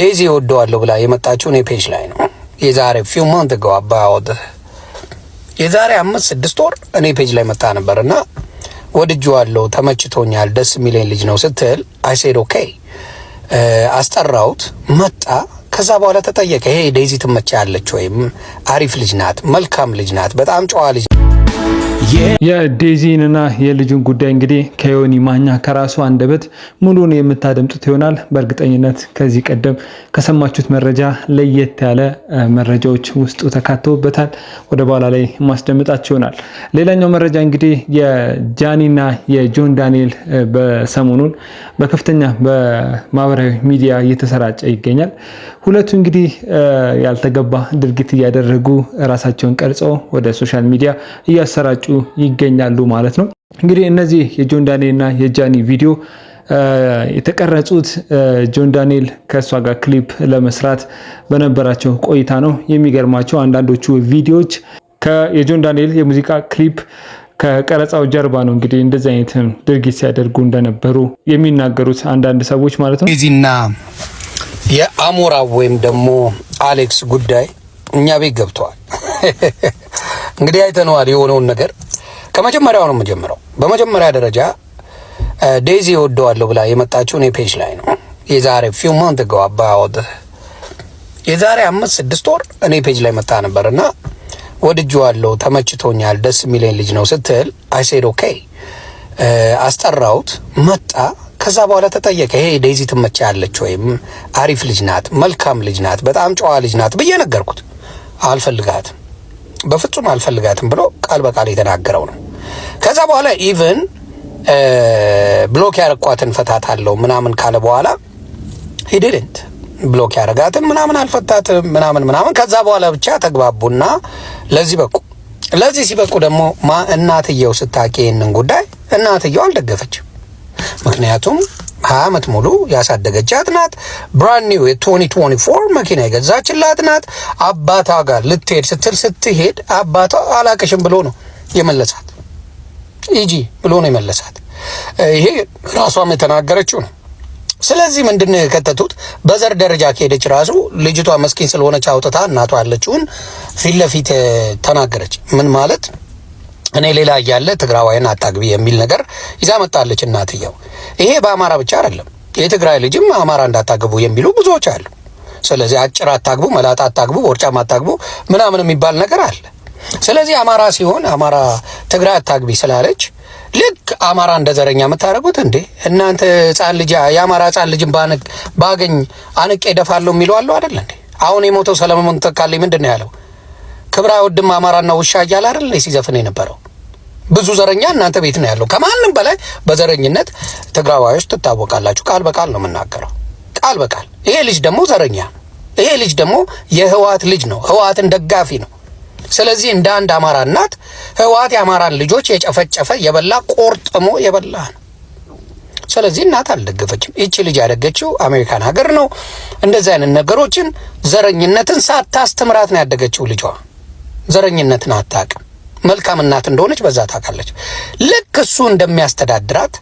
ዴዚ ወደዋለሁ ብላ የመጣችው እኔ ፔጅ ላይ ነው። የዛሬ ፊው ማንት ጎ አባውት የዛሬ አምስት ስድስት ወር እኔ ፔጅ ላይ መጣ ነበር እና ወድጄዋለሁ፣ ተመችቶኛል፣ ደስ የሚለኝ ልጅ ነው ስትል አይ ሴድ ኦኬ አስጠራውት መጣ። ከዛ በኋላ ተጠየቀ። ይሄ ዴዚ ትመቻለች ወይም አሪፍ ልጅ ናት፣ መልካም ልጅ ናት፣ በጣም ጨዋ ልጅ የዴዚንና የልጁን ጉዳይ እንግዲህ ከዮኒ ማኛ ከራሱ አንደበት ሙሉን የምታደምጡት ይሆናል። በእርግጠኝነት ከዚህ ቀደም ከሰማችሁት መረጃ ለየት ያለ መረጃዎች ውስጡ ተካተውበታል። ወደ በኋላ ላይ ማስደምጣችሁ ይሆናል። ሌላኛው መረጃ እንግዲህ የጃኒና የጆን ዳንኤል በሰሞኑን በከፍተኛ በማህበራዊ ሚዲያ እየተሰራጨ ይገኛል። ሁለቱ እንግዲህ ያልተገባ ድርጊት እያደረጉ ራሳቸውን ቀርጸው ወደ ሶሻል ሚዲያ እያሰራጩ ይገኛሉ ማለት ነው። እንግዲህ እነዚህ የጆን ዳንኤል እና የጃኒ ቪዲዮ የተቀረጹት ጆን ዳንኤል ከእሷ ጋር ክሊፕ ለመስራት በነበራቸው ቆይታ ነው። የሚገርማቸው አንዳንዶቹ ቪዲዮዎች የጆን ዳንኤል የሙዚቃ ክሊፕ ከቀረጻው ጀርባ ነው እንግዲህ እንደዚህ አይነት ድርጊት ሲያደርጉ እንደነበሩ የሚናገሩት አንዳንድ ሰዎች ማለት ነው። ዚና የአሞራ ወይም ደግሞ አሌክስ ጉዳይ እኛ ቤት ገብተዋል። እንግዲህ አይተነዋል የሆነውን ነገር ከመጀመሪያው ነው የምጀምረው። በመጀመሪያ ደረጃ ዴዚ ወደዋለሁ ብላ የመጣችው እኔ ፔጅ ላይ ነው የዛሬ ፊው ማንት ጎ የዛሬ አምስት ስድስት ወር እኔ ፔጅ ላይ መጣ ነበር እና ወድጄዋለሁ፣ ተመችቶኛል፣ ደስ የሚለኝ ልጅ ነው ስትል አይሴድ ኦኬ አስጠራውት መጣ። ከዛ በኋላ ተጠየቀ። ይሄ ዴዚ ትመቻለች ወይም አሪፍ ልጅ ናት፣ መልካም ልጅ ናት፣ በጣም ጨዋ ልጅ ናት ብዬ ነገርኩት። አልፈልጋትም፣ በፍጹም አልፈልጋትም ብሎ ቃል በቃል የተናገረው ነው። ከዛ በኋላ ኢቭን ብሎክ ያረኳትን ፈታታለሁ ምናምን ካለ በኋላ ሂድድንት ብሎክ ያረጋትን ምናምን አልፈታትም ምናምን ምናምን። ከዛ በኋላ ብቻ ተግባቡና ለዚህ በቁ። ለዚህ ሲበቁ ደግሞ ማ እናትየው ስታቂ ይህንን ጉዳይ እናትየው አልደገፈችም። ምክንያቱም ሀያ ዓመት ሙሉ ያሳደገቻት ናት። ብራንድ ኒው የ2024 መኪና የገዛችላት ናት። አባቷ ጋር ልትሄድ ስትል ስትሄድ አባቷ አላቅሽም ብሎ ነው የመለሳት። ሂጂ ብሎ ነው የመለሳት። ይሄ ራሷም የተናገረችው ነው። ስለዚህ ምንድን ነው የከተቱት? በዘር ደረጃ ከሄደች ራሱ ልጅቷ መስኪን ስለሆነች አውጥታ እናቷ ያለችውን ፊት ለፊት ተናገረች። ምን ማለት እኔ ሌላ እያለ ትግራዋይን አታግቢ የሚል ነገር ይዛ መጣለች እናትየው። ይሄ በአማራ ብቻ አይደለም፣ የትግራይ ልጅም አማራ እንዳታግቡ የሚሉ ብዙዎች አሉ። ስለዚህ አጭር አታግቡ፣ መላጣ አታግቡ፣ ወርጫም አታግቡ ምናምን የሚባል ነገር አለ። ስለዚህ አማራ ሲሆን አማራ ትግራይ አታግቢ ስላለች ልክ አማራ እንደ ዘረኛ የምታደርጉት እንዴ እናንተ ህጻን ልጅ የአማራ ህጻን ልጅን ባገኝ አንቄ ደፋለሁ የሚለው አለው አደለ እንዴ? አሁን የሞተው ሰለሞን ተካልኝ ምንድን ነው ያለው? ክብራ ውድም አማራና ውሻ እያለ አደለ ሲዘፍን የነበረው። ብዙ ዘረኛ እናንተ ቤት ነው ያለው። ከማንም በላይ በዘረኝነት ትግራዋዮች ትታወቃላችሁ። ቃል በቃል ነው የምናገረው፣ ቃል በቃል ይሄ ልጅ ደግሞ ዘረኛ ይሄ ልጅ ደግሞ የህወሓት ልጅ ነው፣ ህወሓትን ደጋፊ ነው። ስለዚህ እንደ አንድ አማራ እናት ህወሓት የአማራን ልጆች የጨፈጨፈ የበላ ቆርጥሞ የበላ ነው። ስለዚህ እናት አልደገፈችም። ይቺ ልጅ ያደገችው አሜሪካን ሀገር ነው። እንደዚህ አይነት ነገሮችን ዘረኝነትን ሳታስተምራት ነው ያደገችው። ልጇ ዘረኝነትን አታውቅም። መልካም እናት እንደሆነች በዛ ታውቃለች። ልክ እሱ እንደሚያስተዳድራት፣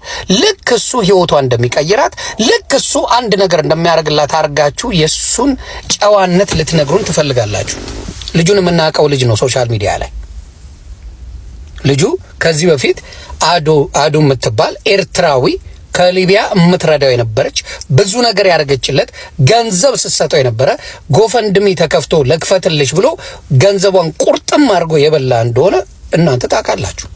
ልክ እሱ ህይወቷ እንደሚቀይራት፣ ልክ እሱ አንድ ነገር እንደሚያደርግላት አድርጋችሁ የእሱን ጨዋነት ልትነግሩን ትፈልጋላችሁ። ልጁን የምናውቀው ልጅ ነው። ሶሻል ሚዲያ ላይ ልጁ ከዚህ በፊት አዶ አዶ የምትባል ኤርትራዊ ከሊቢያ የምትረዳው የነበረች ብዙ ነገር ያደረገችለት ገንዘብ ስትሰጠው የነበረ ጎፈንድሚ ተከፍቶ ለክፈትልሽ ብሎ ገንዘቧን ቁርጥም አድርጎ የበላ እንደሆነ እናንተ ታውቃላችሁ።